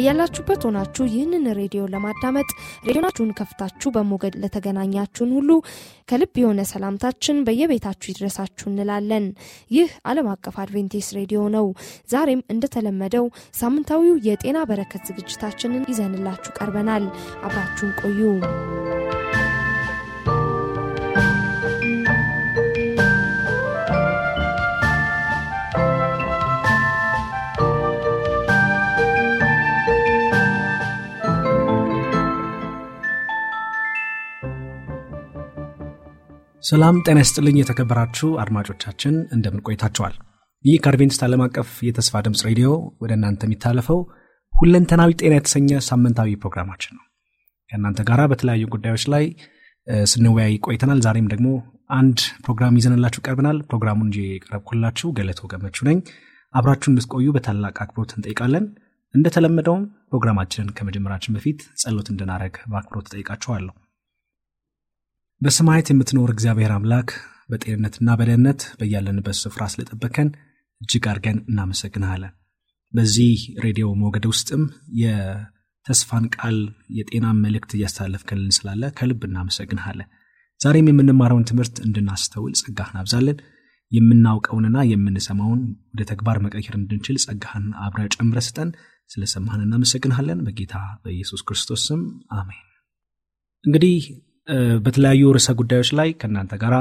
በያላችሁበት ሆናችሁ ይህንን ሬዲዮ ለማዳመጥ ሬዲዮናችሁን ከፍታችሁ በሞገድ ለተገናኛችሁን ሁሉ ከልብ የሆነ ሰላምታችን በየቤታችሁ ይድረሳችሁ እንላለን። ይህ ዓለም አቀፍ አድቬንቲስት ሬዲዮ ነው። ዛሬም እንደተለመደው ሳምንታዊው የጤና በረከት ዝግጅታችንን ይዘንላችሁ ቀርበናል። አብራችሁን ቆዩ። ሰላም ጤና ይስጥልኝ የተከበራችሁ አድማጮቻችን እንደምን ቆይታችኋል? ይህ ከአድቬንስት ዓለም አቀፍ የተስፋ ድምፅ ሬዲዮ ወደ እናንተ የሚታለፈው ሁለንተናዊ ጤና የተሰኘ ሳምንታዊ ፕሮግራማችን ነው። ከእናንተ ጋር በተለያዩ ጉዳዮች ላይ ስንወያይ ቆይተናል። ዛሬም ደግሞ አንድ ፕሮግራም ይዘንላችሁ ቀርበናል። ፕሮግራሙን ይዤ የቀረብኩላችሁ ገለቶ ገመችው ነኝ። አብራችሁ እንድትቆዩ በታላቅ አክብሮት እንጠይቃለን። እንደተለመደውም ፕሮግራማችንን ከመጀመራችን በፊት ጸሎት እንድናደርግ በአክብሮት እጠይቃችኋለሁ። በሰማያት የምትኖር እግዚአብሔር አምላክ በጤንነትና በደህንነት በያለንበት ስፍራ ስለጠበቀን እጅግ አድርገን እናመሰግንሃለን። በዚህ ሬዲዮ ሞገድ ውስጥም የተስፋን ቃል የጤና መልእክት እያስተላለፍከልን ስላለ ከልብ እናመሰግንሃለን። ዛሬም የምንማረውን ትምህርት እንድናስተውል ጸጋህን አብዛለን። የምናውቀውንና የምንሰማውን ወደ ተግባር መቀየር እንድንችል ጸጋህን አብረ ጨምረ ስጠን። ስለሰማህን እናመሰግንሃለን። በጌታ በኢየሱስ ክርስቶስ ስም አሜን። እንግዲህ በተለያዩ ርዕሰ ጉዳዮች ላይ ከእናንተ ጋር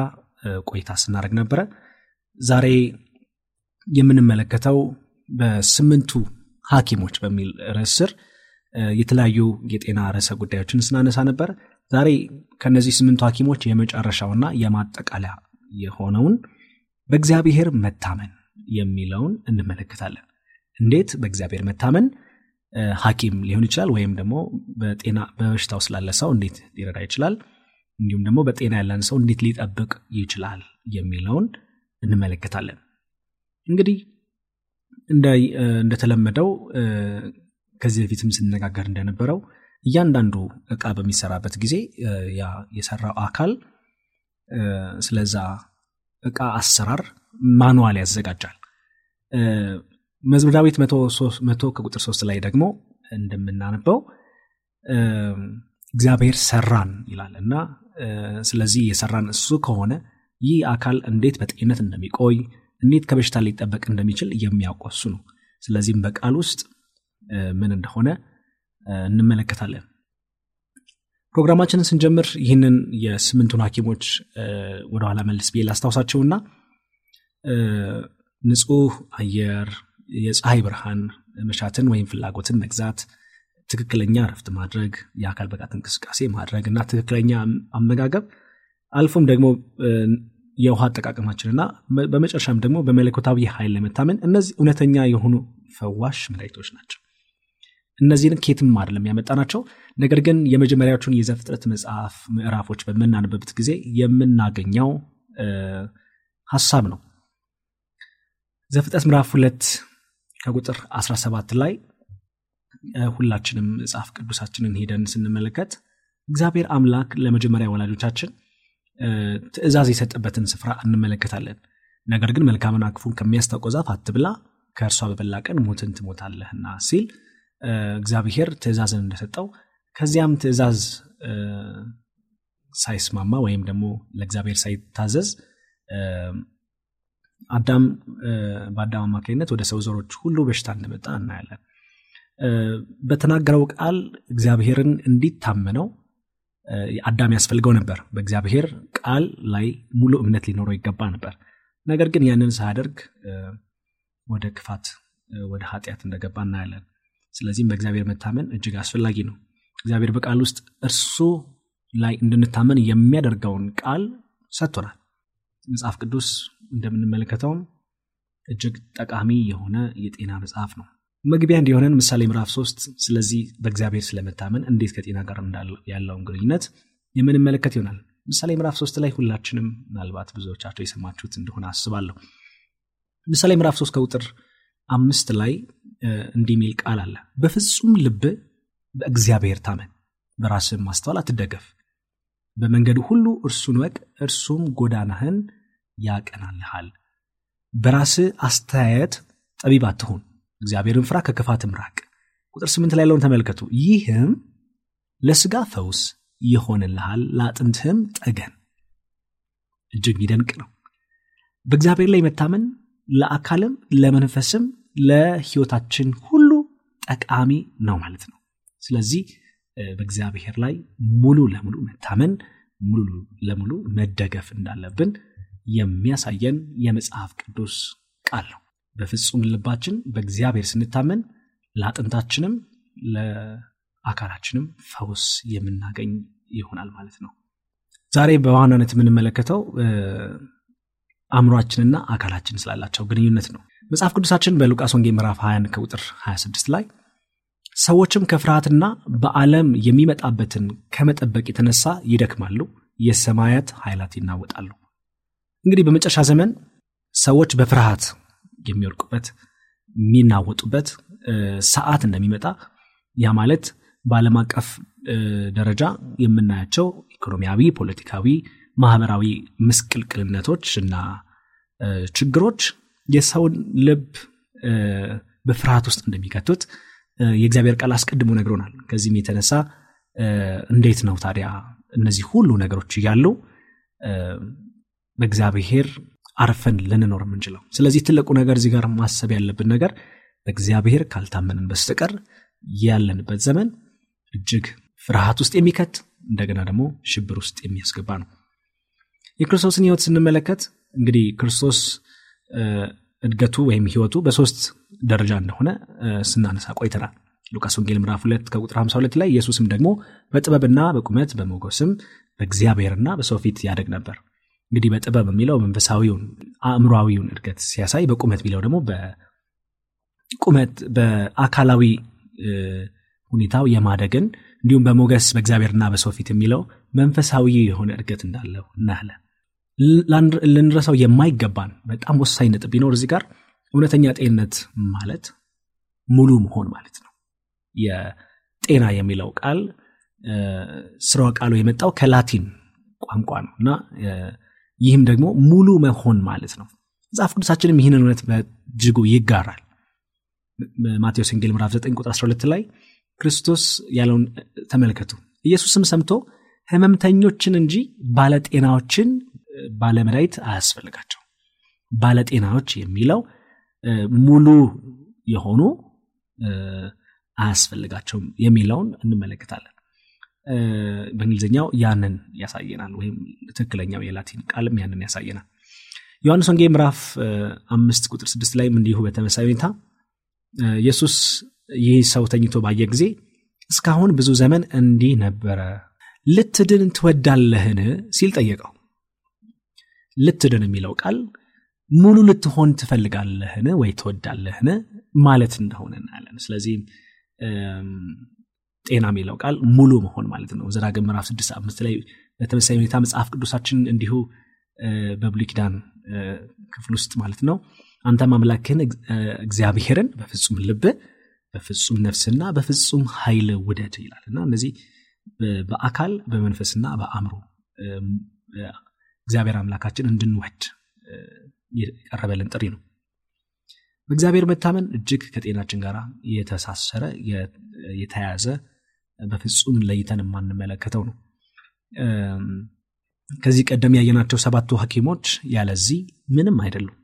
ቆይታ ስናደርግ ነበረ። ዛሬ የምንመለከተው በስምንቱ ሐኪሞች በሚል ርዕስ ስር የተለያዩ የጤና ርዕሰ ጉዳዮችን ስናነሳ ነበር። ዛሬ ከነዚህ ስምንቱ ሐኪሞች የመጨረሻውና የማጠቃለያ የሆነውን በእግዚአብሔር መታመን የሚለውን እንመለከታለን። እንዴት በእግዚአብሔር መታመን ሐኪም ሊሆን ይችላል ወይም ደግሞ በጤና በበሽታው ስላለ ሰው እንዴት ሊረዳ ይችላል? እንዲሁም ደግሞ በጤና ያለን ሰው እንዴት ሊጠብቅ ይችላል የሚለውን እንመለከታለን። እንግዲህ እንደተለመደው ከዚህ በፊትም ስንነጋገር እንደነበረው እያንዳንዱ እቃ በሚሰራበት ጊዜ ያ የሰራው አካል ስለዛ እቃ አሰራር ማኑዋል ያዘጋጃል። መዝሙረ ዳዊት መቶ ከቁጥር ሶስት ላይ ደግሞ እንደምናነበው እግዚአብሔር ሰራን ይላል እና ስለዚህ የሰራን እሱ ከሆነ ይህ አካል እንዴት በጤነት እንደሚቆይ እንዴት ከበሽታ ሊጠበቅ እንደሚችል የሚያውቅ እሱ ነው። ስለዚህም በቃል ውስጥ ምን እንደሆነ እንመለከታለን። ፕሮግራማችንን ስንጀምር ይህንን የስምንቱን ሐኪሞች ወደኋላ መልስ ብዬ ላስታውሳቸውና ንጹህ አየር፣ የፀሐይ ብርሃን መሻትን ወይም ፍላጎትን መግዛት፣ ትክክለኛ ረፍት ማድረግ፣ የአካል ብቃት እንቅስቃሴ ማድረግ እና ትክክለኛ አመጋገብ አልፎም ደግሞ የውሃ አጠቃቀማችን እና በመጨረሻም ደግሞ በመለኮታዊ ኃይል ለመታመን እነዚህ እውነተኛ የሆኑ ፈዋሽ መላይቶች ናቸው። እነዚህን ኬትም አይደለም ያመጣናቸው። ነገር ግን የመጀመሪያዎቹን የዘፍጥረት መጽሐፍ ምዕራፎች በምናንበብት ጊዜ የምናገኘው ሀሳብ ነው። ዘፍጥረት ምዕራፍ ሁለት ከቁጥር 17 ላይ ሁላችንም መጽሐፍ ቅዱሳችንን ሄደን ስንመለከት እግዚአብሔር አምላክ ለመጀመሪያ ወላጆቻችን ትእዛዝ የሰጠበትን ስፍራ እንመለከታለን። ነገር ግን መልካምን አክፉን ከሚያስታውቀው ዛፍ አትብላ፣ ከእርሷ በበላቀን ሞትን ትሞታለህና ሲል እግዚአብሔር ትእዛዝን እንደሰጠው ከዚያም ትእዛዝ ሳይስማማ ወይም ደግሞ ለእግዚአብሔር ሳይታዘዝ አዳም በአዳም አማካኝነት ወደ ሰው ዘሮች ሁሉ በሽታ እንደመጣ እናያለን። በተናገረው ቃል እግዚአብሔርን እንዲታመነው አዳም ያስፈልገው ነበር። በእግዚአብሔር ቃል ላይ ሙሉ እምነት ሊኖረው ይገባ ነበር። ነገር ግን ያንን ሳያደርግ ወደ ክፋት፣ ወደ ኃጢአት እንደገባ እናያለን። ስለዚህም በእግዚአብሔር መታመን እጅግ አስፈላጊ ነው። እግዚአብሔር በቃል ውስጥ እርሱ ላይ እንድንታመን የሚያደርገውን ቃል ሰጥቶናል። መጽሐፍ ቅዱስ እንደምንመለከተውም እጅግ ጠቃሚ የሆነ የጤና መጽሐፍ ነው። መግቢያ እንዲሆነን ምሳሌ ምዕራፍ ሶስት ስለዚህ በእግዚአብሔር ስለመታመን እንዴት ከጤና ጋር ያለውን ግንኙነት የምንመለከት ይሆናል። ምሳሌ ምዕራፍ ሶስት ላይ ሁላችንም ምናልባት ብዙዎቻቸው የሰማችሁት እንደሆነ አስባለሁ። ምሳሌ ምዕራፍ ሶስት ከቁጥር አምስት ላይ እንዲሚል ቃል አለ። በፍጹም ልብ በእግዚአብሔር ታመን፣ በራስህም ማስተዋል አትደገፍ። በመንገዱ ሁሉ እርሱን ወቅ፣ እርሱም ጎዳናህን ያቀናልሃል። በራስህ አስተያየት ጠቢብ አትሁን እግዚአብሔርን ፍራ ከክፋትም ራቅ። ቁጥር ስምንት ላይ ለውን ተመልከቱ። ይህም ለስጋ ፈውስ ይሆንልሃል፣ ለአጥንትህም ጠገን። እጅግ ይደንቅ ነው። በእግዚአብሔር ላይ መታመን ለአካልም ለመንፈስም ለህይወታችን ሁሉ ጠቃሚ ነው ማለት ነው። ስለዚህ በእግዚአብሔር ላይ ሙሉ ለሙሉ መታመን ሙሉ ለሙሉ መደገፍ እንዳለብን የሚያሳየን የመጽሐፍ ቅዱስ ቃል ነው። በፍጹም ልባችን በእግዚአብሔር ስንታመን ለአጥንታችንም ለአካላችንም ፈውስ የምናገኝ ይሆናል ማለት ነው። ዛሬ በዋናነት የምንመለከተው አእምሯችንና አካላችን ስላላቸው ግንኙነት ነው። መጽሐፍ ቅዱሳችን በሉቃስ ወንጌ ምዕራፍ 21 ከቁጥር 26 ላይ ሰዎችም ከፍርሃትና በዓለም የሚመጣበትን ከመጠበቅ የተነሳ ይደክማሉ፣ የሰማያት ኃይላት ይናወጣሉ። እንግዲህ በመጨረሻ ዘመን ሰዎች በፍርሃት የሚወርቁበት የሚናወጡበት ሰዓት እንደሚመጣ ያ ማለት በዓለም አቀፍ ደረጃ የምናያቸው ኢኮኖሚያዊ፣ ፖለቲካዊ፣ ማህበራዊ ምስቅልቅልነቶች እና ችግሮች የሰውን ልብ በፍርሃት ውስጥ እንደሚከቱት የእግዚአብሔር ቃል አስቀድሞ ነግሮናል። ከዚህም የተነሳ እንዴት ነው ታዲያ እነዚህ ሁሉ ነገሮች እያሉ በእግዚአብሔር አርፈን ልንኖር የምንችለው። ስለዚህ ትልቁ ነገር እዚህ ጋር ማሰብ ያለብን ነገር በእግዚአብሔር ካልታመንን በስተቀር ያለንበት ዘመን እጅግ ፍርሃት ውስጥ የሚከት እንደገና ደግሞ ሽብር ውስጥ የሚያስገባ ነው። የክርስቶስን ህይወት ስንመለከት እንግዲህ ክርስቶስ እድገቱ ወይም ህይወቱ በሶስት ደረጃ እንደሆነ ስናነሳ ቆይተናል። ሉቃስ ወንጌል ምራፍ 2 ከቁጥር 52 ላይ ኢየሱስም ደግሞ በጥበብና በቁመት በመጎስም በእግዚአብሔርና በሰው ፊት ያደግ ነበር። እንግዲህ በጥበብ የሚለው መንፈሳዊውን አእምሯዊውን እድገት ሲያሳይ፣ በቁመት የሚለው ደግሞ በቁመት በአካላዊ ሁኔታው የማደግን እንዲሁም በሞገስ በእግዚአብሔርና በሰው ፊት የሚለው መንፈሳዊ የሆነ እድገት እንዳለው እናለ ልንረሳው የማይገባን በጣም ወሳኝ ነጥብ ቢኖር እዚህ ጋር እውነተኛ ጤንነት ማለት ሙሉ መሆን ማለት ነው። የጤና የሚለው ቃል ስራ ቃሉ የመጣው ከላቲን ቋንቋ ነው እና ይህም ደግሞ ሙሉ መሆን ማለት ነው። መጽሐፍ ቅዱሳችንም ይህንን እውነት በእጅጉ ይጋራል። ማቴዎስ ወንጌል ምራፍ 9 ቁጥር 12 ላይ ክርስቶስ ያለውን ተመልከቱ። ኢየሱስም ሰምቶ ህመምተኞችን እንጂ ባለጤናዎችን ባለመዳይት አያስፈልጋቸው። ባለጤናዎች የሚለው ሙሉ የሆኑ አያስፈልጋቸውም የሚለውን እንመለከታለን። በእንግሊዝኛው ያንን ያሳየናል፣ ወይም ትክክለኛው የላቲን ቃልም ያንን ያሳየናል። ዮሐንስ ወንጌ ምዕራፍ አምስት ቁጥር ስድስት ላይም እንዲሁ በተመሳይ ሁኔታ ኢየሱስ ይህ ሰው ተኝቶ ባየ ጊዜ እስካሁን ብዙ ዘመን እንዲህ ነበረ፣ ልትድን ትወዳለህን ሲል ጠየቀው። ልትድን የሚለው ቃል ሙሉ ልትሆን ትፈልጋለህን ወይ ትወዳለህን ማለት እንደሆነ እናያለን። ስለዚህ ጤና የሚለው ቃል ሙሉ መሆን ማለት ነው። ዘዳግም ምዕራፍ ስድስት አምስት ላይ በተመሳሳይ ሁኔታ መጽሐፍ ቅዱሳችን እንዲሁ በብሉይ ክፍል ውስጥ ማለት ነው አንተም አምላክህን እግዚአብሔርን በፍጹም ልብ በፍጹም ነፍስና በፍጹም ኃይል ውደድ ይላል እና እነዚህ በአካል በመንፈስና በአእምሮ እግዚአብሔር አምላካችን እንድንወድ የቀረበልን ጥሪ ነው። በእግዚአብሔር መታመን እጅግ ከጤናችን ጋር የተሳሰረ የተያዘ በፍጹም ለይተን የማንመለከተው ነው። ከዚህ ቀደም ያየናቸው ሰባቱ ሐኪሞች ያለዚህ ምንም አይደሉም።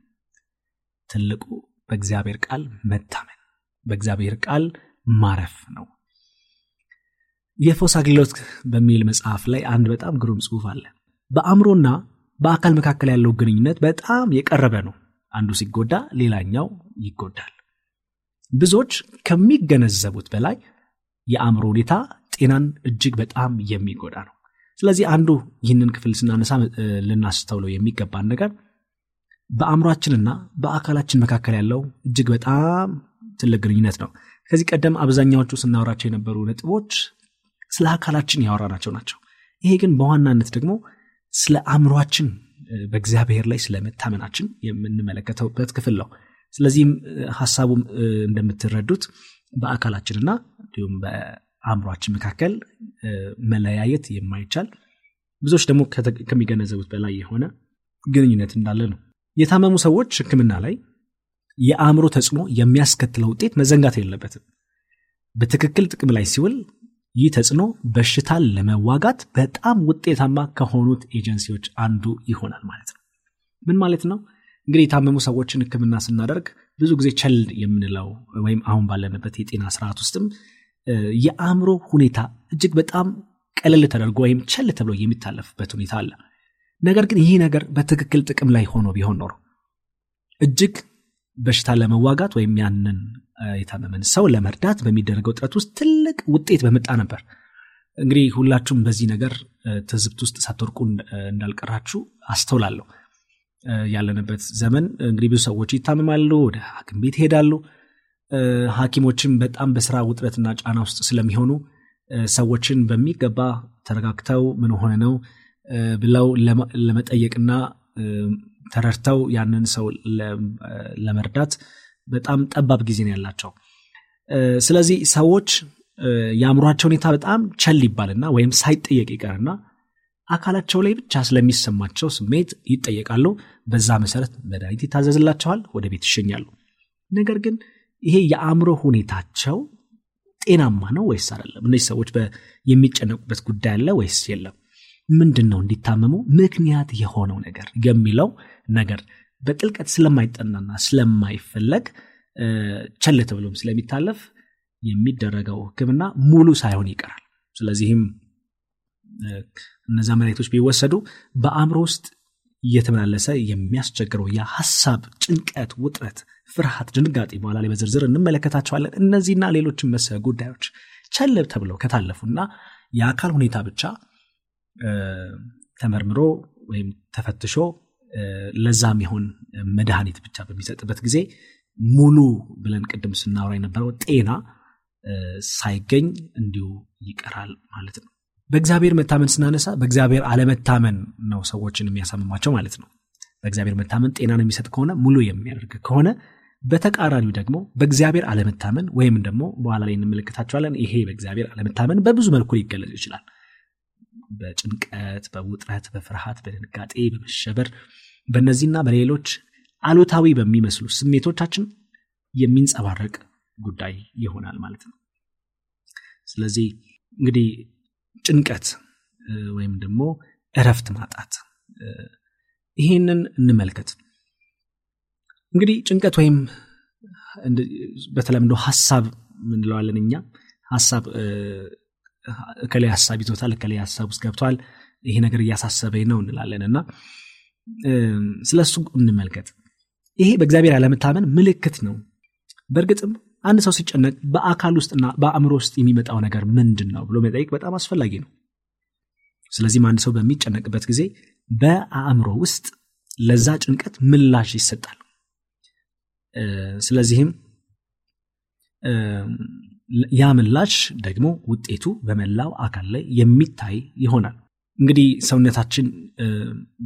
ትልቁ በእግዚአብሔር ቃል መታመን፣ በእግዚአብሔር ቃል ማረፍ ነው። የፎስ አገልግሎት በሚል መጽሐፍ ላይ አንድ በጣም ግሩም ጽሁፍ አለ። በአእምሮና በአካል መካከል ያለው ግንኙነት በጣም የቀረበ ነው። አንዱ ሲጎዳ ሌላኛው ይጎዳል። ብዙዎች ከሚገነዘቡት በላይ የአእምሮ ሁኔታ ጤናን እጅግ በጣም የሚጎዳ ነው። ስለዚህ አንዱ ይህንን ክፍል ስናነሳ ልናስተውለው የሚገባን ነገር በአእምሯችንና በአካላችን መካከል ያለው እጅግ በጣም ትልቅ ግንኙነት ነው። ከዚህ ቀደም አብዛኛዎቹ ስናወራቸው የነበሩ ነጥቦች ስለ አካላችን ናቸው ናቸው። ይሄ ግን በዋናነት ደግሞ ስለ አእምሯችን በእግዚአብሔር ላይ ስለመታመናችን የምንመለከተውበት ክፍል ነው። ስለዚህም ሀሳቡ እንደምትረዱት በአካላችንና እንዲሁም በአእምሯችን መካከል መለያየት የማይቻል ብዙዎች ደግሞ ከሚገነዘቡት በላይ የሆነ ግንኙነት እንዳለ ነው። የታመሙ ሰዎች ህክምና ላይ የአእምሮ ተጽዕኖ የሚያስከትለው ውጤት መዘንጋት የለበትም። በትክክል ጥቅም ላይ ሲውል ይህ ተጽዕኖ በሽታን ለመዋጋት በጣም ውጤታማ ከሆኑት ኤጀንሲዎች አንዱ ይሆናል ማለት ነው። ምን ማለት ነው? እንግዲህ የታመሙ ሰዎችን ህክምና ስናደርግ ብዙ ጊዜ ቸል የምንለው ወይም አሁን ባለንበት የጤና ስርዓት ውስጥም የአእምሮ ሁኔታ እጅግ በጣም ቀለል ተደርጎ ወይም ቸል ተብሎ የሚታለፍበት ሁኔታ አለ። ነገር ግን ይህ ነገር በትክክል ጥቅም ላይ ሆኖ ቢሆን ኖሮ እጅግ በሽታ ለመዋጋት ወይም ያንን የታመመን ሰው ለመርዳት በሚደረገው ጥረት ውስጥ ትልቅ ውጤት በመጣ ነበር። እንግዲህ ሁላችሁም በዚህ ነገር ትዝብት ውስጥ ሳትወርቁ እንዳልቀራችሁ አስተውላለሁ። ያለንበት ዘመን እንግዲህ ብዙ ሰዎች ይታመማሉ፣ ወደ ሀኪም ቤት ይሄዳሉ። ሀኪሞችም በጣም በስራ ውጥረትና ጫና ውስጥ ስለሚሆኑ ሰዎችን በሚገባ ተረጋግተው ምን ሆነ ነው ብለው ለመጠየቅና ተረድተው ያንን ሰው ለመርዳት በጣም ጠባብ ጊዜ ነው ያላቸው። ስለዚህ ሰዎች የአእምሯቸው ሁኔታ በጣም ቸል ይባልና ወይም ሳይጠየቅ ይቀርና አካላቸው ላይ ብቻ ስለሚሰማቸው ስሜት ይጠየቃሉ። በዛ መሰረት መድኃኒት ይታዘዝላቸዋል፣ ወደ ቤት ይሸኛሉ። ነገር ግን ይሄ የአእምሮ ሁኔታቸው ጤናማ ነው ወይስ አይደለም? እነዚህ ሰዎች የሚጨነቁበት ጉዳይ አለ ወይስ የለም? ምንድን ነው እንዲታመሙ ምክንያት የሆነው ነገር የሚለው ነገር በጥልቀት ስለማይጠናና ስለማይፈለግ ቸል ተብሎም ስለሚታለፍ የሚደረገው ህክምና ሙሉ ሳይሆን ይቀራል። ስለዚህም እነዚያ መሬቶች ቢወሰዱ በአእምሮ ውስጥ እየተመላለሰ የሚያስቸግረው የሀሳብ ጭንቀት፣ ውጥረት፣ ፍርሃት፣ ድንጋጤ በኋላ ላይ በዝርዝር እንመለከታቸዋለን። እነዚህና ሌሎችን መሰ ጉዳዮች ቸል ተብለው ከታለፉና የአካል ሁኔታ ብቻ ተመርምሮ ወይም ተፈትሾ ለዛም ይሆን መድኃኒት ብቻ በሚሰጥበት ጊዜ ሙሉ ብለን ቅድም ስናወራ የነበረው ጤና ሳይገኝ እንዲሁ ይቀራል ማለት ነው። በእግዚአብሔር መታመን ስናነሳ በእግዚአብሔር አለመታመን ነው ሰዎችን የሚያሳምማቸው ማለት ነው። በእግዚአብሔር መታመን ጤናን የሚሰጥ ከሆነ ሙሉ የሚያደርግ ከሆነ በተቃራኒው ደግሞ በእግዚአብሔር አለመታመን ወይም ደግሞ በኋላ ላይ እንመለከታቸዋለን። ይሄ በእግዚአብሔር አለመታመን በብዙ መልኩ ሊገለጽ ይችላል። በጭንቀት፣ በውጥረት፣ በፍርሃት፣ በድንጋጤ፣ በመሸበር በእነዚህና በሌሎች አሉታዊ በሚመስሉ ስሜቶቻችን የሚንጸባረቅ ጉዳይ ይሆናል ማለት ነው። ስለዚህ እንግዲህ ጭንቀት ወይም ደግሞ እረፍት ማጣት ይሄንን እንመልከት። እንግዲህ ጭንቀት ወይም በተለምዶ ሀሳብ ምንለዋለን እኛ ሀሳብ እከላይ ሀሳብ ይዞታል፣ እከላይ ሀሳብ ውስጥ ገብቷል፣ ይሄ ነገር እያሳሰበኝ ነው እንላለን እና ስለ እሱ እንመልከት። ይሄ በእግዚአብሔር ያለመታመን ምልክት ነው። በእርግጥም አንድ ሰው ሲጨነቅ በአካል ውስጥና በአእምሮ ውስጥ የሚመጣው ነገር ምንድን ነው ብሎ መጠየቅ በጣም አስፈላጊ ነው። ስለዚህም አንድ ሰው በሚጨነቅበት ጊዜ በአእምሮ ውስጥ ለዛ ጭንቀት ምላሽ ይሰጣል። ስለዚህም ያ ምላሽ ደግሞ ውጤቱ በመላው አካል ላይ የሚታይ ይሆናል። እንግዲህ ሰውነታችን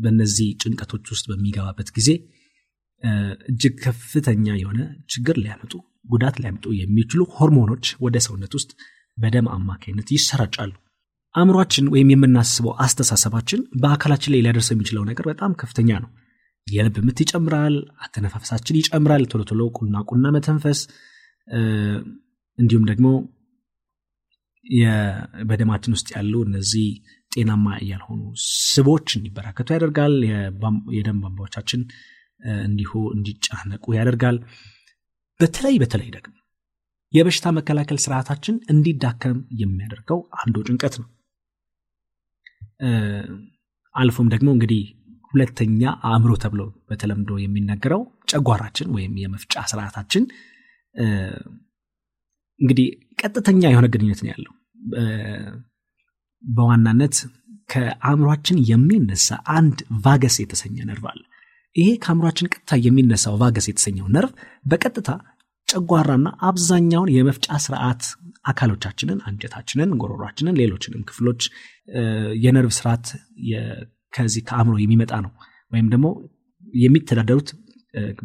በነዚህ ጭንቀቶች ውስጥ በሚገባበት ጊዜ እጅግ ከፍተኛ የሆነ ችግር ሊያመጡ ጉዳት ሊያመጡ የሚችሉ ሆርሞኖች ወደ ሰውነት ውስጥ በደም አማካኝነት ይሰራጫሉ። አእምሯችን ወይም የምናስበው አስተሳሰባችን በአካላችን ላይ ሊያደርሰው የሚችለው ነገር በጣም ከፍተኛ ነው። የልብ ምት ይጨምራል፣ አተነፋፈሳችን ይጨምራል፣ ቶሎ ቶሎ ቁና ቁና መተንፈስ እንዲሁም ደግሞ በደማችን ውስጥ ያሉ እነዚህ ጤናማ ያልሆኑ ስቦች እንዲበራከቱ ያደርጋል። የደም ቧንቧዎቻችን እንዲሁ እንዲጫነቁ ያደርጋል። በተለይ በተለይ ደግሞ የበሽታ መከላከል ስርዓታችን እንዲዳከም የሚያደርገው አንዱ ጭንቀት ነው። አልፎም ደግሞ እንግዲህ ሁለተኛ አእምሮ ተብሎ በተለምዶ የሚነገረው ጨጓራችን ወይም የመፍጫ ስርዓታችን እንግዲህ ቀጥተኛ የሆነ ግንኙነት ነው ያለው። በዋናነት ከአእምሯችን የሚነሳ አንድ ቫገስ የተሰኘ ነርቭ አለ። ይሄ ከአእምሯችን ቀጥታ የሚነሳው ቫገስ የተሰኘው ነርቭ በቀጥታ ጨጓራና አብዛኛውን የመፍጫ ስርዓት አካሎቻችንን፣ አንጀታችንን፣ ጎሮሯችንን፣ ሌሎችንም ክፍሎች የነርቭ ስርዓት ከዚህ ከአእምሮ የሚመጣ ነው ወይም ደግሞ የሚተዳደሩት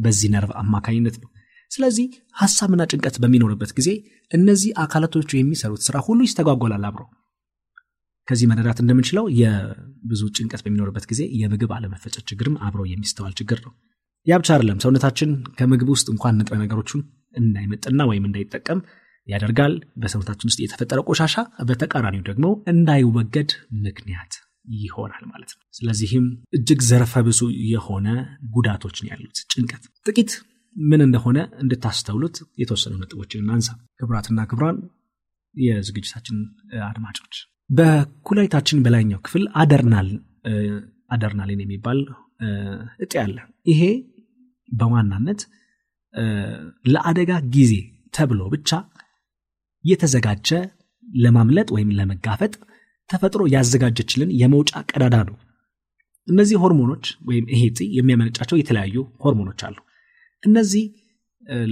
በዚህ ነርቭ አማካኝነት ነው። ስለዚህ ሀሳብና ጭንቀት በሚኖርበት ጊዜ እነዚህ አካላቶቹ የሚሰሩት ስራ ሁሉ ይስተጓጎላል አብሮ። ከዚህ መረዳት እንደምንችለው የብዙ ጭንቀት በሚኖርበት ጊዜ የምግብ አለመፈጨት ችግርም አብሮ የሚስተዋል ችግር ነው። ያ ብቻ አይደለም። ሰውነታችን ከምግብ ውስጥ እንኳን ንጥረ ነገሮቹን እንዳይመጥና ወይም እንዳይጠቀም ያደርጋል። በሰውነታችን ውስጥ የተፈጠረ ቆሻሻ በተቃራኒው ደግሞ እንዳይወገድ ምክንያት ይሆናል ማለት ነው። ስለዚህም እጅግ ዘረፈ ብዙ የሆነ ጉዳቶችን ያሉት ጭንቀት ጥቂት ምን እንደሆነ እንድታስተውሉት የተወሰኑ ነጥቦችን እናንሳ። ክብራትና ክብራን የዝግጅታችን አድማጮች በኩላይታችን በላይኛው ክፍል አደርናሊን የሚባል እጥ አለ። ይሄ በዋናነት ለአደጋ ጊዜ ተብሎ ብቻ የተዘጋጀ ለማምለጥ ወይም ለመጋፈጥ ተፈጥሮ ያዘጋጀችልን የመውጫ ቀዳዳ ነው። እነዚህ ሆርሞኖች ወይም ይሄ የሚያመነጫቸው የተለያዩ ሆርሞኖች አሉ። እነዚህ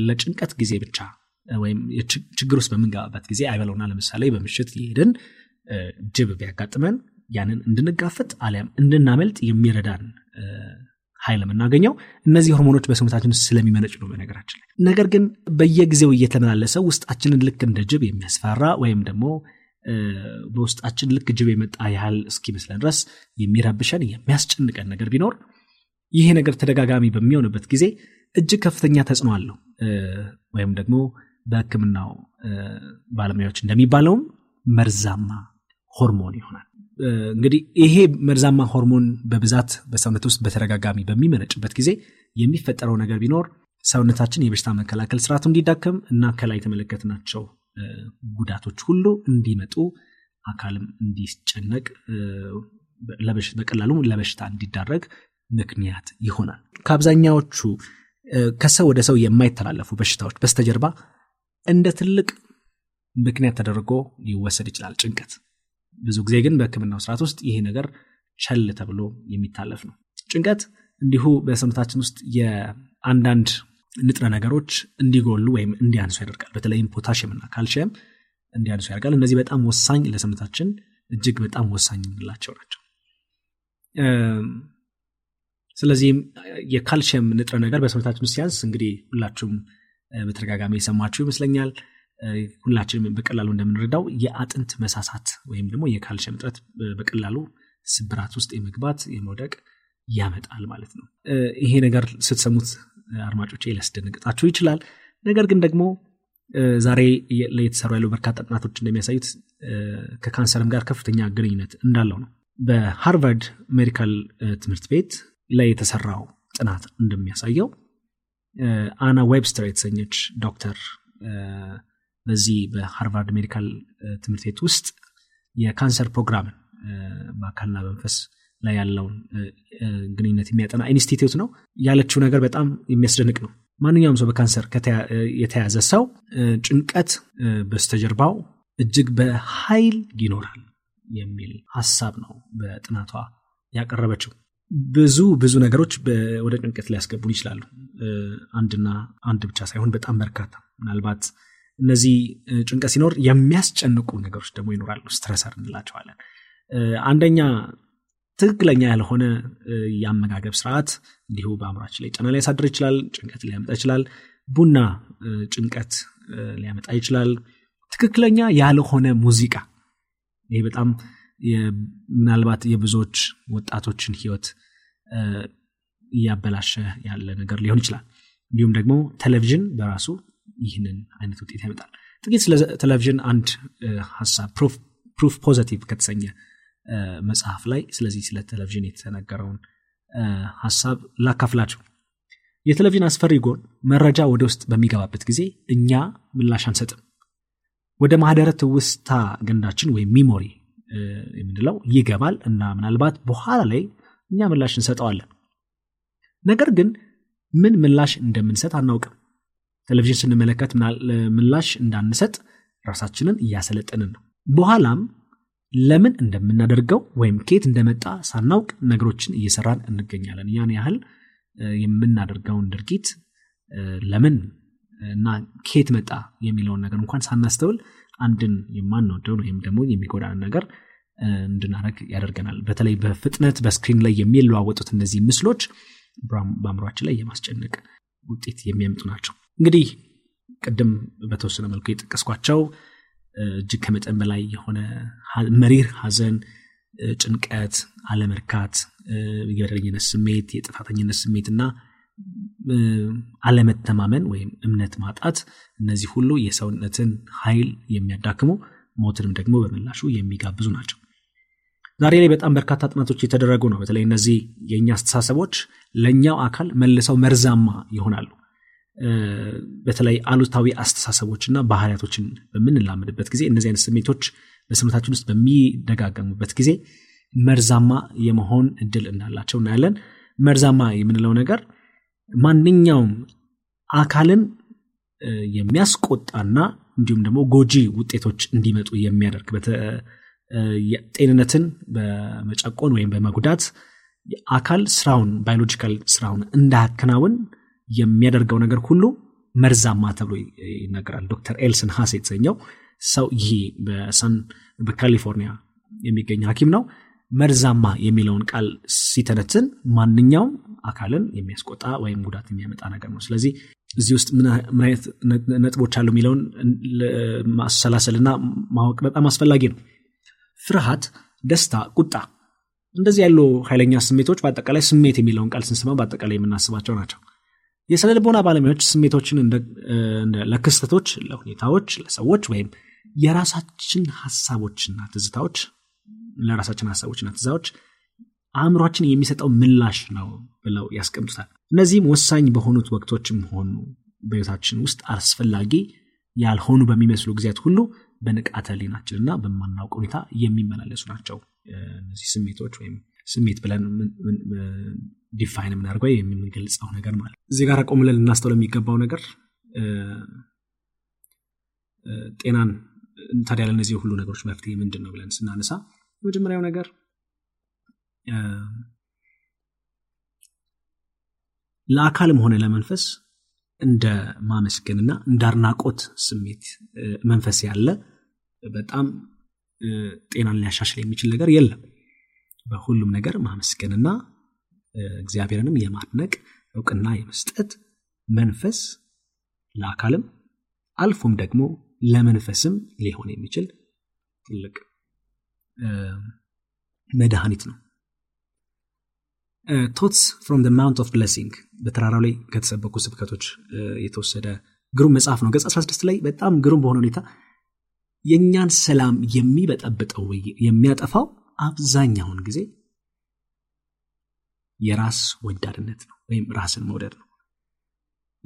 ለጭንቀት ጊዜ ብቻ ወይም ችግር ውስጥ በምንገባበት ጊዜ አይበለውና ለምሳሌ በምሽት እየሄድን ጅብ ቢያጋጥመን ያንን እንድንጋፍጥ አሊያም እንድናመልጥ የሚረዳን ኃይል የምናገኘው እነዚህ ሆርሞኖች በሰውነታችን ስለሚመነጭ ነው። በነገራችን ላይ ነገር ግን በየጊዜው እየተመላለሰ ውስጣችንን ልክ እንደ ጅብ የሚያስፈራ ወይም ደግሞ በውስጣችን ልክ ጅብ የመጣ ያህል እስኪመስለን ድረስ የሚረብሸን የሚያስጨንቀን ነገር ቢኖር ይሄ ነገር ተደጋጋሚ በሚሆንበት ጊዜ እጅግ ከፍተኛ ተጽዕኖ አለው ወይም ደግሞ በህክምናው ባለሙያዎች እንደሚባለውም መርዛማ ሆርሞን ይሆናል። እንግዲህ ይሄ መርዛማ ሆርሞን በብዛት በሰውነት ውስጥ በተደጋጋሚ በሚመነጭበት ጊዜ የሚፈጠረው ነገር ቢኖር ሰውነታችን የበሽታ መከላከል ስርዓቱ እንዲዳከም እና ከላይ የተመለከትናቸው ጉዳቶች ሁሉ እንዲመጡ፣ አካልም እንዲጨነቅ፣ በቀላሉ ለበሽታ እንዲዳረግ ምክንያት ይሆናል። ከአብዛኛዎቹ ከሰው ወደ ሰው የማይተላለፉ በሽታዎች በስተጀርባ እንደ ትልቅ ምክንያት ተደርጎ ሊወሰድ ይችላል ጭንቀት። ብዙ ጊዜ ግን በህክምናው ስርዓት ውስጥ ይሄ ነገር ቸል ተብሎ የሚታለፍ ነው። ጭንቀት እንዲሁ በሰውነታችን ውስጥ የአንዳንድ ንጥረ ነገሮች እንዲጎሉ ወይም እንዲያንሱ ያደርጋል። በተለይም ፖታሽየምና ካልሽየም እንዲያንሱ ያደርጋል። እነዚህ በጣም ወሳኝ ለሰውነታችን እጅግ በጣም ወሳኝ የምንላቸው ናቸው። ስለዚህም የካልሽየም ንጥረ ነገር በሰውነታችን ውስጥ ሲያንስ እንግዲህ ሁላችሁም በተደጋጋሚ የሰማችሁ ይመስለኛል። ሁላችንም በቀላሉ እንደምንረዳው የአጥንት መሳሳት ወይም ደግሞ የካልሽየም ጥረት በቀላሉ ስብራት ውስጥ የመግባት የመውደቅ ያመጣል ማለት ነው። ይሄ ነገር ስትሰሙት አድማጮች ሊያስደነግጣችሁ ይችላል። ነገር ግን ደግሞ ዛሬ ላይ የተሰሩ ያሉ በርካታ ጥናቶች እንደሚያሳዩት ከካንሰርም ጋር ከፍተኛ ግንኙነት እንዳለው ነው። በሃርቫርድ ሜዲካል ትምህርት ቤት ላይ የተሰራው ጥናት እንደሚያሳየው አና ዌብስተር የተሰኘች ዶክተር በዚህ በሃርቫርድ ሜዲካል ትምህርት ቤት ውስጥ የካንሰር ፕሮግራምን በአካልና በመንፈስ ላይ ያለውን ግንኙነት የሚያጠና ኢንስቲትዩት ነው ያለችው ነገር በጣም የሚያስደንቅ ነው። ማንኛውም ሰው በካንሰር የተያዘ ሰው ጭንቀት በስተጀርባው እጅግ በኃይል ይኖራል የሚል ሀሳብ ነው በጥናቷ ያቀረበችው። ብዙ ብዙ ነገሮች ወደ ጭንቀት ሊያስገቡን ይችላሉ። አንድና አንድ ብቻ ሳይሆን በጣም በርካታ ምናልባት እነዚህ ጭንቀት ሲኖር የሚያስጨንቁ ነገሮች ደግሞ ይኖራሉ። ስትረሰር እንላቸዋለን። አንደኛ ትክክለኛ ያልሆነ የአመጋገብ ስርዓት እንዲሁ በአእምሯችን ላይ ጫና ሊያሳድር ይችላል። ጭንቀት ሊያመጣ ይችላል። ቡና ጭንቀት ሊያመጣ ይችላል። ትክክለኛ ያልሆነ ሙዚቃ ይህ በጣም ምናልባት የብዙዎች ወጣቶችን ህይወት። እያበላሸ ያለ ነገር ሊሆን ይችላል። እንዲሁም ደግሞ ቴሌቪዥን በራሱ ይህንን አይነት ውጤት ያመጣል። ጥቂት ስለ ቴሌቪዥን አንድ ሀሳብ ፕሩፍ ፖዘቲቭ ከተሰኘ መጽሐፍ ላይ ስለዚህ ስለ ቴሌቪዥን የተነገረውን ሀሳብ ላካፍላችሁ። የቴሌቪዥን አስፈሪ ጎን መረጃ ወደ ውስጥ በሚገባበት ጊዜ እኛ ምላሽ አንሰጥም። ወደ ማህደረ ትውስታ ገንዳችን ወይም ሚሞሪ የምንለው ይገባል እና ምናልባት በኋላ ላይ እኛ ምላሽ እንሰጠዋለን። ነገር ግን ምን ምላሽ እንደምንሰጥ አናውቅም። ቴሌቪዥን ስንመለከት ምላሽ እንዳንሰጥ ራሳችንን እያሰለጠንን ነው። በኋላም ለምን እንደምናደርገው ወይም ኬት እንደመጣ ሳናውቅ ነገሮችን እየሰራን እንገኛለን። ያን ያህል የምናደርገውን ድርጊት ለምን እና ኬት መጣ የሚለውን ነገር እንኳን ሳናስተውል አንድን የማንወደውን ወይም ደግሞ የሚጎዳንን ነገር እንድናረግ ያደርገናል በተለይ በፍጥነት በስክሪን ላይ የሚለዋወጡት እነዚህ ምስሎች በአእምሯችን ላይ የማስጨነቅ ውጤት የሚያምጡ ናቸው እንግዲህ ቅድም በተወሰነ መልኩ የጠቀስኳቸው እጅግ ከመጠን በላይ የሆነ መሪር ሀዘን ጭንቀት አለመርካት የበደረኝነት ስሜት የጥፋተኝነት ስሜት እና አለመተማመን ወይም እምነት ማጣት እነዚህ ሁሉ የሰውነትን ኃይል የሚያዳክሙ ሞትንም ደግሞ በምላሹ የሚጋብዙ ናቸው ዛሬ ላይ በጣም በርካታ ጥናቶች የተደረጉ ነው። በተለይ እነዚህ የእኛ አስተሳሰቦች ለእኛው አካል መልሰው መርዛማ ይሆናሉ። በተለይ አሉታዊ አስተሳሰቦችና ባህሪያቶችን በምንላምድበት ጊዜ እነዚህ አይነት ስሜቶች በስምታችን ውስጥ በሚደጋገሙበት ጊዜ መርዛማ የመሆን እድል እንዳላቸው እናያለን። መርዛማ የምንለው ነገር ማንኛውም አካልን የሚያስቆጣና እንዲሁም ደግሞ ጎጂ ውጤቶች እንዲመጡ የሚያደርግ ጤንነትን በመጨቆን ወይም በመጉዳት አካል ስራውን ባዮሎጂካል ስራውን እንዳያከናውን የሚያደርገው ነገር ሁሉ መርዛማ ተብሎ ይነገራል። ዶክተር ኤልሰን ሀስ የተሰኘው ሰው ይሄ በሳን በካሊፎርኒያ የሚገኝ ሀኪም ነው። መርዛማ የሚለውን ቃል ሲተነትን ማንኛውም አካልን የሚያስቆጣ ወይም ጉዳት የሚያመጣ ነገር ነው። ስለዚህ እዚህ ውስጥ ምን አይነት ነጥቦች አሉ የሚለውን ማሰላሰልና ማወቅ በጣም አስፈላጊ ነው። ፍርሃት፣ ደስታ፣ ቁጣ እንደዚህ ያሉ ኃይለኛ ስሜቶች በአጠቃላይ ስሜት የሚለውን ቃል ስንስማ በአጠቃላይ የምናስባቸው ናቸው። የስነ ልቦና ባለሙያዎች ስሜቶችን ለክስተቶች፣ ለሁኔታዎች፣ ለሰዎች ወይም የራሳችን ሀሳቦችና ትዝታዎች ለራሳችን ሀሳቦችና ትዝታዎች አእምሯችን የሚሰጠው ምላሽ ነው ብለው ያስቀምጡታል። እነዚህም ወሳኝ በሆኑት ወቅቶችም ሆኑ በሕይወታችን ውስጥ አስፈላጊ ያልሆኑ በሚመስሉ ጊዜያት ሁሉ በንቃተ ህሊናችን እና በማናውቅ ሁኔታ የሚመላለሱ ናቸው። እነዚህ ስሜቶች ወይም ስሜት ብለን ዲፋይን የምናደርገው የምንገልጸው ነገር ማለት እዚህ ጋር ቆም ብለን ልናስተውለው የሚገባው ነገር ጤናን ታዲያ ለእነዚህ ሁሉ ነገሮች መፍትሄ ምንድን ነው ብለን ስናነሳ የመጀመሪያው ነገር ለአካልም ሆነ ለመንፈስ እንደ ማመስገንና እንደ አድናቆት ስሜት መንፈስ ያለ በጣም ጤናን ሊያሻሽል የሚችል ነገር የለም። በሁሉም ነገር ማመስገንና እግዚአብሔርንም የማድነቅ እውቅና የመስጠት መንፈስ ለአካልም አልፎም ደግሞ ለመንፈስም ሊሆን የሚችል ትልቅ መድኃኒት ነው። ቶትስ ፍሮም ማንት ኦፍ ብለሲንግ በተራራው ላይ ከተሰበኩ ስብከቶች የተወሰደ ግሩም መጽሐፍ ነው። ገጽ 16 ላይ በጣም ግሩም በሆነ ሁኔታ የእኛን ሰላም የሚበጠብጠው የሚያጠፋው አብዛኛውን ጊዜ የራስ ወዳድነት ነው ወይም ራስን መውደድ ነው።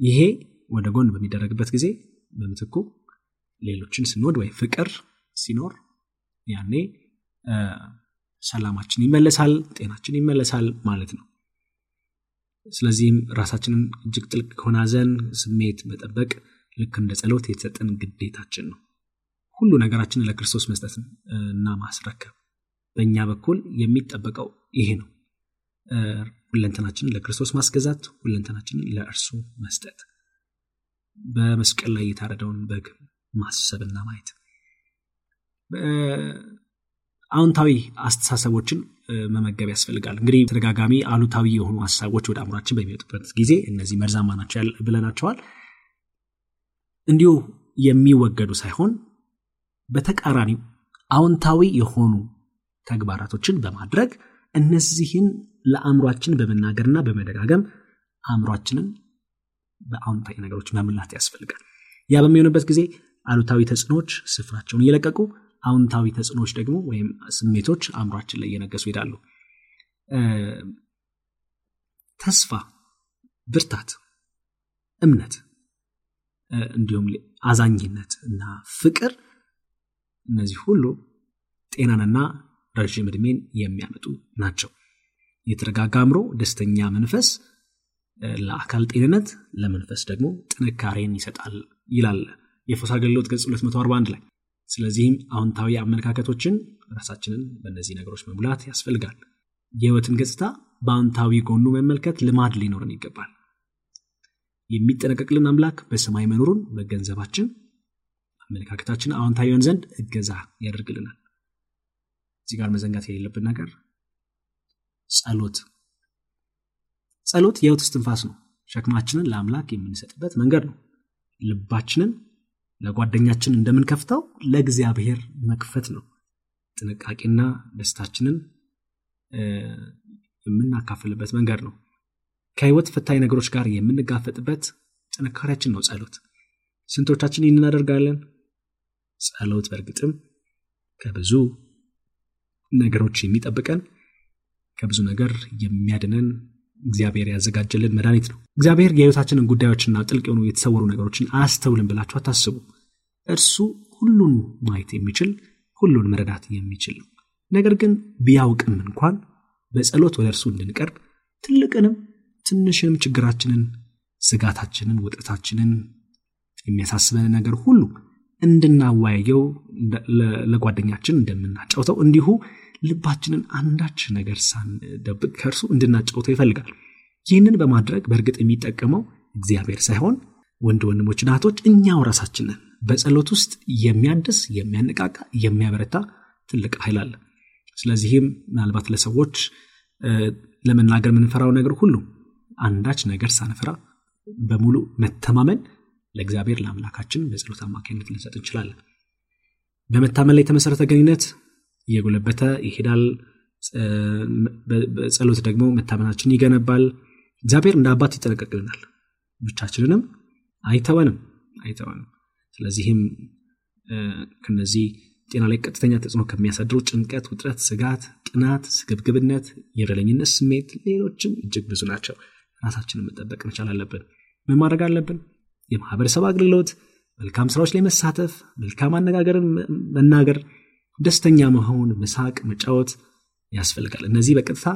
ይሄ ወደ ጎን በሚደረግበት ጊዜ በምትኩ ሌሎችን ስንወድ ወይ ፍቅር ሲኖር ያኔ ሰላማችን ይመለሳል፣ ጤናችን ይመለሳል ማለት ነው። ስለዚህም ራሳችንን እጅግ ጥልቅ ከሆነ ስሜት መጠበቅ ልክ እንደ ጸሎት የተሰጠን ግዴታችን ነው። ሁሉ ነገራችንን ለክርስቶስ መስጠት እና ማስረከብ በእኛ በኩል የሚጠበቀው ይሄ ነው። ሁለንተናችንን ለክርስቶስ ማስገዛት፣ ሁለንተናችንን ለእርሱ መስጠት፣ በመስቀል ላይ የታረደውን በግ ማሰብና ማየት፣ አዎንታዊ አስተሳሰቦችን መመገብ ያስፈልጋል። እንግዲህ ተደጋጋሚ አሉታዊ የሆኑ ሀሳቦች ወደ አእምሯችን በሚወጡበት ጊዜ እነዚህ መርዛማ ናቸው ብለናቸዋል። እንዲሁ የሚወገዱ ሳይሆን በተቃራኒው አዎንታዊ የሆኑ ተግባራቶችን በማድረግ እነዚህን ለአእምሯችን በመናገርና በመደጋገም አእምሯችንን በአዎንታዊ ነገሮች መምላት ያስፈልጋል። ያ በሚሆንበት ጊዜ አሉታዊ ተጽዕኖዎች ስፍራቸውን እየለቀቁ አዎንታዊ ተጽዕኖዎች ደግሞ ወይም ስሜቶች አእምሯችን ላይ እየነገሱ ይሄዳሉ። ተስፋ፣ ብርታት፣ እምነት እንዲሁም አዛኝነት እና ፍቅር እነዚህ ሁሉ ጤናንና ረዥም እድሜን የሚያመጡ ናቸው። የተረጋጋ አምሮ ደስተኛ መንፈስ ለአካል ጤንነት፣ ለመንፈስ ደግሞ ጥንካሬን ይሰጣል ይላል የፎስ አገልግሎት ገጽ 241 ላይ። ስለዚህም አሁንታዊ አመለካከቶችን ራሳችንን በእነዚህ ነገሮች መሙላት ያስፈልጋል። የህይወትን ገጽታ በአዎንታዊ ጎኑ መመልከት ልማድ ሊኖረን ይገባል። የሚጠነቀቅልን አምላክ በሰማይ መኖሩን መገንዘባችን አመለካከታችን አዎንታ ይሆን ዘንድ እገዛ ያደርግልናል። እዚህ ጋር መዘንጋት የሌለብን ነገር ጸሎት ጸሎት የሕይወት እስትንፋስ ነው። ሸክማችንን ለአምላክ የምንሰጥበት መንገድ ነው። ልባችንን ለጓደኛችን እንደምንከፍተው ለእግዚአብሔር መክፈት ነው። ጥንቃቄና ደስታችንን የምናካፍልበት መንገድ ነው። ከህይወት ፈታኝ ነገሮች ጋር የምንጋፈጥበት ጥንካሬያችን ነው ጸሎት። ስንቶቻችን ይህን እናደርጋለን? ጸሎት በእርግጥም ከብዙ ነገሮች የሚጠብቀን ከብዙ ነገር የሚያድነን እግዚአብሔር ያዘጋጀልን መድኃኒት ነው። እግዚአብሔር የህይወታችንን ጉዳዮችና ጥልቅ የሆኑ የተሰወሩ ነገሮችን አያስተውልን ብላችሁ አታስቡ። እርሱ ሁሉን ማየት የሚችል ሁሉን መረዳት የሚችል ነው። ነገር ግን ቢያውቅም እንኳን በጸሎት ወደ እርሱ እንድንቀርብ ትልቅንም ትንሽንም ችግራችንን፣ ስጋታችንን፣ ውጥረታችንን የሚያሳስበን ነገር ሁሉ እንድናወያየው ለጓደኛችን እንደምናጫውተው እንዲሁ ልባችንን አንዳች ነገር ሳንደብቅ ከእርሱ እንድናጫውተው ይፈልጋል። ይህንን በማድረግ በእርግጥ የሚጠቀመው እግዚአብሔር ሳይሆን ወንድ ወንድሞች፣ ናቶች እኛው ራሳችንን በጸሎት ውስጥ የሚያድስ የሚያነቃቃ፣ የሚያበረታ ትልቅ ኃይል አለ። ስለዚህም ምናልባት ለሰዎች ለመናገር የምንፈራው ነገር ሁሉ አንዳች ነገር ሳንፈራ በሙሉ መተማመን ለእግዚአብሔር ለአምላካችን በጸሎት አማካኝነት ልንሰጥ እንችላለን። በመታመን ላይ የተመሰረተ ግንኙነት እየጎለበተ ይሄዳል። ጸሎት ደግሞ መታመናችንን ይገነባል። እግዚአብሔር እንደ አባት ይጠነቀቅልናል። ብቻችንንም አይተወንም አይተወንም። ስለዚህም ከነዚህ ጤና ላይ ቀጥተኛ ተጽዕኖ ከሚያሳድሩ ጭንቀት፣ ውጥረት፣ ስጋት፣ ቅናት፣ ስግብግብነት፣ የበደለኝነት ስሜት፣ ሌሎችም እጅግ ብዙ ናቸው። ራሳችንን መጠበቅ መቻል አለብን። ምን ማድረግ አለብን? የማህበረሰብ አገልግሎት፣ መልካም ስራዎች ላይ መሳተፍ፣ መልካም አነጋገርን መናገር፣ ደስተኛ መሆን፣ መሳቅ፣ መጫወት ያስፈልጋል። እነዚህ በቀጥታ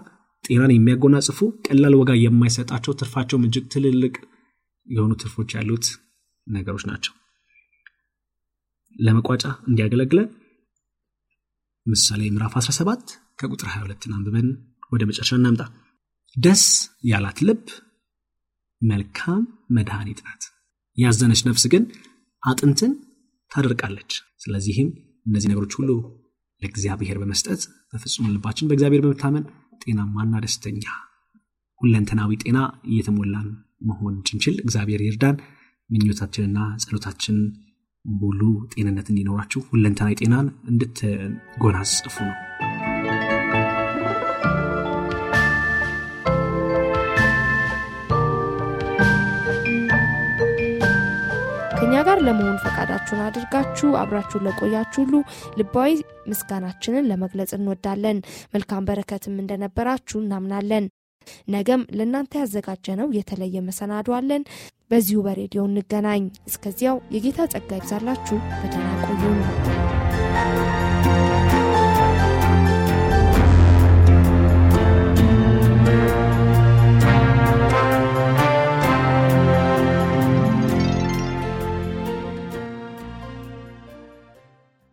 ጤናን የሚያጎናጽፉ ቀላል ወጋ የማይሰጣቸው ትርፋቸውም እጅግ ትልልቅ የሆኑ ትርፎች ያሉት ነገሮች ናቸው። ለመቋጫ እንዲያገለግለ ምሳሌ ምዕራፍ 17 ከቁጥር 22 አንብበን ወደ መጨረሻ እናምጣ። ደስ ያላት ልብ መልካም መድኃኒት ናት። ያዘነች ነፍስ ግን አጥንትን ታደርቃለች። ስለዚህም እነዚህ ነገሮች ሁሉ ለእግዚአብሔር በመስጠት በፍጹም ልባችን በእግዚአብሔር በመታመን ጤናማና ደስተኛ ሁለንተናዊ ጤና እየተሞላን መሆን እንችል እግዚአብሔር ይርዳን። ምኞታችንና ጸሎታችን ሙሉ ጤንነት እንዲኖራችሁ ሁለንተናዊ ጤናን እንድትጎናጽፉ ነው። ጋር ለመሆን ፈቃዳችሁን አድርጋችሁ አብራችሁን ለቆያችሁ ሁሉ ልባዊ ምስጋናችንን ለመግለጽ እንወዳለን። መልካም በረከትም እንደነበራችሁ እናምናለን። ነገም ለእናንተ ነው የተለየ መሰናዶ አለን። በዚሁ በሬዲዮ እንገናኝ። እስከዚያው የጌታ ጸጋ ይብዛላችሁ። ቆዩ ነው